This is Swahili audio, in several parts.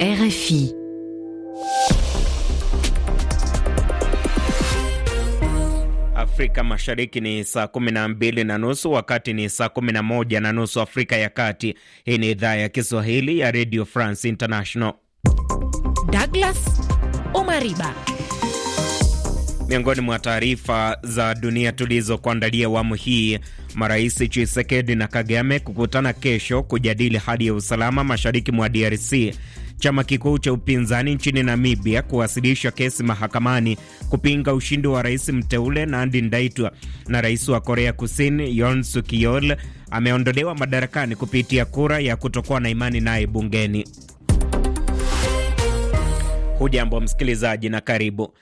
RFI. Afrika Mashariki ni saa kumi na mbili na nusu wakati ni saa kumi na moja na nusu Afrika ya Kati. Hii ni idhaa ya Kiswahili ya Radio France International. Douglas Omariba Miongoni mwa taarifa za dunia tulizokuandalia awamu hii, marais Chisekedi na Kagame kukutana kesho kujadili hali ya usalama mashariki mwa DRC. Chama kikuu cha upinzani nchini Namibia kuwasilisha kesi mahakamani kupinga ushindi wa rais mteule Nandi Ndaitwa. Na rais wa Korea Kusini Yoon Suk Yeol ameondolewa madarakani kupitia kura ya kutokuwa na imani naye bungeni. Hujambo msikilizaji na karibu.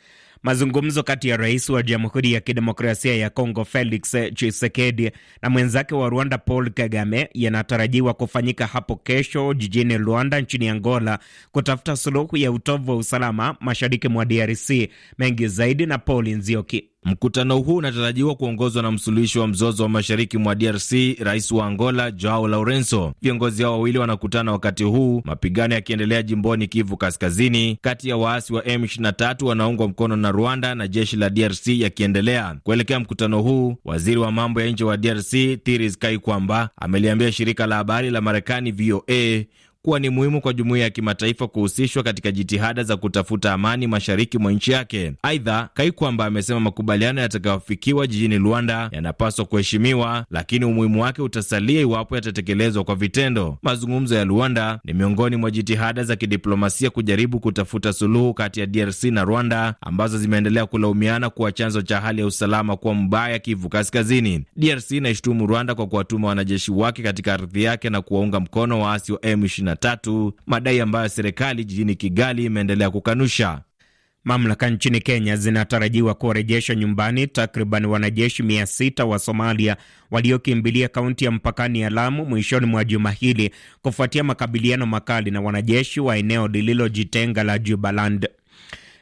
Mazungumzo kati ya rais wa Jamhuri ya Kidemokrasia ya Kongo Felix Tshisekedi na mwenzake wa Rwanda Paul Kagame yanatarajiwa kufanyika hapo kesho jijini Luanda nchini Angola kutafuta suluhu ya utovu wa usalama mashariki mwa DRC. Mengi zaidi na Paul Nzioki. Mkutano huu unatarajiwa kuongozwa na msuluhishi wa mzozo wa mashariki mwa DRC, rais wa Angola Joao Lourenco. Viongozi hao wawili wanakutana wakati huu mapigano yakiendelea jimboni Kivu Kaskazini, kati ya waasi wa M23 wanaungwa mkono na Rwanda na jeshi la DRC yakiendelea. Kuelekea mkutano huu, waziri wa mambo ya nje wa DRC Thiris Kaikwamba ameliambia shirika la habari la Marekani VOA kuwa ni muhimu kwa jumuiya ya kimataifa kuhusishwa katika jitihada za kutafuta amani mashariki mwa nchi yake. Aidha, Kaikwamba amesema makubaliano yatakayofikiwa jijini Luanda yanapaswa kuheshimiwa, lakini umuhimu wake utasalia iwapo yatatekelezwa kwa vitendo. Mazungumzo ya Luanda ni miongoni mwa jitihada za kidiplomasia kujaribu kutafuta suluhu kati ya DRC na Rwanda ambazo zimeendelea kulaumiana kuwa chanzo cha hali ya usalama kuwa mbaya Kivu Kaskazini. DRC inaishutumu Rwanda kwa kuwatuma wanajeshi wake katika ardhi yake na kuwaunga mkono waasi wa M23 2023, madai ambayo serikali jijini Kigali imeendelea kukanusha. Mamlaka nchini Kenya zinatarajiwa kuwarejesha nyumbani takriban wanajeshi mia wa Somalia waliokimbilia kaunti ya mpakani ya Lamu mwishoni mwa juma hili kufuatia makabiliano makali na wanajeshi wa eneo lililojitenga la Jubaland.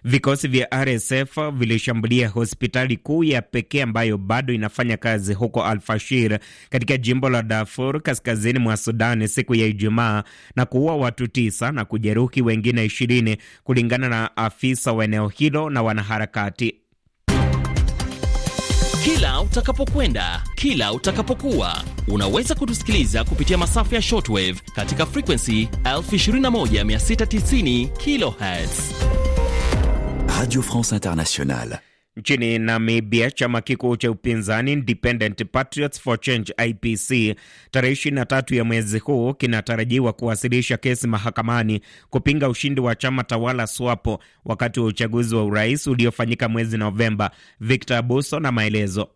Vikosi vya RSF vilishambulia hospitali kuu ya pekee ambayo bado inafanya kazi huko Al-Fashir katika jimbo la Darfur kaskazini mwa Sudani siku ya Ijumaa na kuua watu tisa na kujeruhi wengine ishirini kulingana na afisa wa eneo hilo na wanaharakati. Kila utakapokwenda, kila utakapokuwa, unaweza kutusikiliza kupitia masafa ya shortwave katika frequency 21690 kilohertz Radio France Internationale. Nchini Namibia, chama kikuu cha upinzani Independent Patriots for Change IPC tarehe 23 ya mwezi huu kinatarajiwa kuwasilisha kesi mahakamani kupinga ushindi wa chama tawala SWAPO wakati wa uchaguzi wa urais uliofanyika mwezi Novemba. Victor Abuso na maelezo.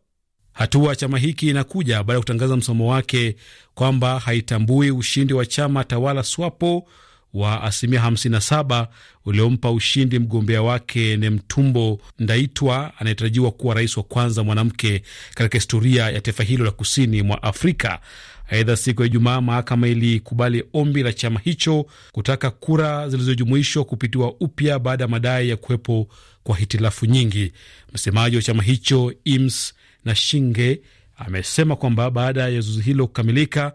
Hatua ya chama hiki inakuja baada ya kutangaza msomo wake kwamba haitambui ushindi wa chama tawala SWAPO wa asilimia 57 uliompa ushindi mgombea wake Nemtumbo Ndaitwa anayetarajiwa kuwa rais wa kwanza mwanamke katika historia ya taifa hilo la kusini mwa Afrika. Aidha, siku ya Ijumaa mahakama ilikubali ombi la chama hicho kutaka kura zilizojumuishwa kupitiwa upya baada ya madai ya kuwepo kwa hitilafu nyingi. Msemaji wa chama hicho Ims na Shinge amesema kwamba baada ya zuzi hilo kukamilika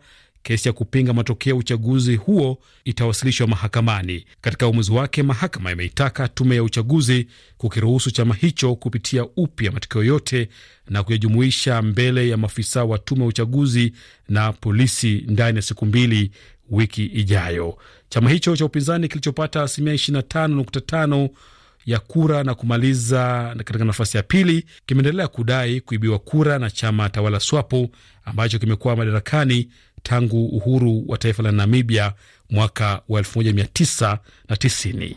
kesi ya kupinga matokeo ya uchaguzi huo itawasilishwa mahakamani. Katika uamuzi wake, mahakama imeitaka tume ya uchaguzi kukiruhusu chama hicho kupitia upya matokeo yote na kuyajumuisha mbele ya maafisa wa tume ya uchaguzi na polisi ndani ya siku mbili wiki ijayo. Chama hicho cha upinzani kilichopata asilimia 25.5 ya kura na kumaliza katika nafasi ya pili kimeendelea kudai kuibiwa kura na chama tawala SWAPO ambacho kimekuwa madarakani tangu uhuru wa taifa la Namibia mwaka wa 1990.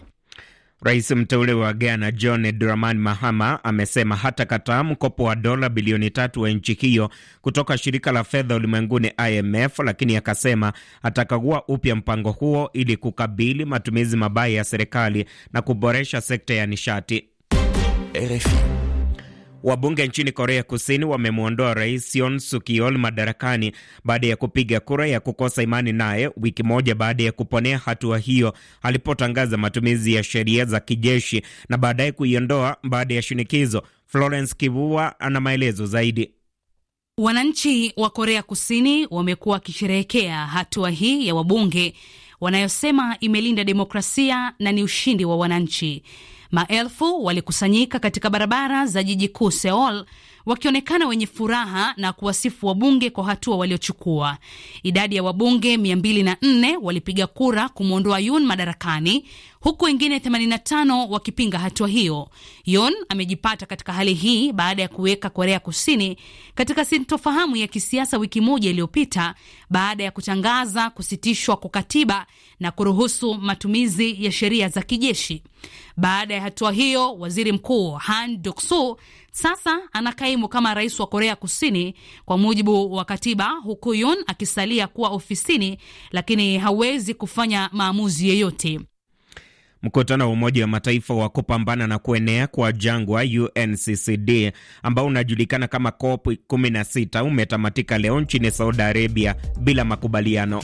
Rais mteule wa Ghana John Dramani Mahama amesema hata kataa mkopo wa dola bilioni tatu wa nchi hiyo kutoka shirika la fedha ulimwenguni IMF, lakini akasema atakagua upya mpango huo ili kukabili matumizi mabaya ya serikali na kuboresha sekta ya nishati. RFI. Wabunge nchini Korea Kusini wamemwondoa rais Yoon Suk Yeol madarakani baada ya kupiga kura ya kukosa imani naye, wiki moja baada ya kuponea hatua hiyo alipotangaza matumizi ya sheria za kijeshi na baadaye kuiondoa baada ya shinikizo. Florence Kivua ana maelezo zaidi. Wananchi wa Korea Kusini wamekuwa wakisherehekea hatua hii ya wabunge wanayosema imelinda demokrasia na ni ushindi wa wananchi. Maelfu walikusanyika katika barabara za jiji kuu Seoul wakionekana wenye furaha na kuwasifu wabunge kwa hatua waliochukua. Idadi ya wabunge 204 walipiga kura kumwondoa Yun madarakani huku wengine 85 wakipinga hatua hiyo. Yon amejipata katika hali hii baada ya kuweka Korea Kusini katika sintofahamu ya kisiasa wiki moja iliyopita baada ya kutangaza kusitishwa kwa katiba na kuruhusu matumizi ya sheria za kijeshi. Baada ya hatua hiyo, waziri mkuu Han Duksoo sasa anakai muhimu kama rais wa Korea Kusini kwa mujibu wa katiba, huku yun akisalia kuwa ofisini, lakini hawezi kufanya maamuzi yeyote. Mkutano wa Umoja wa Mataifa wa kupambana na kuenea kwa jangwa UNCCD ambao unajulikana kama COP 16 umetamatika leo nchini Saudi Arabia bila makubaliano.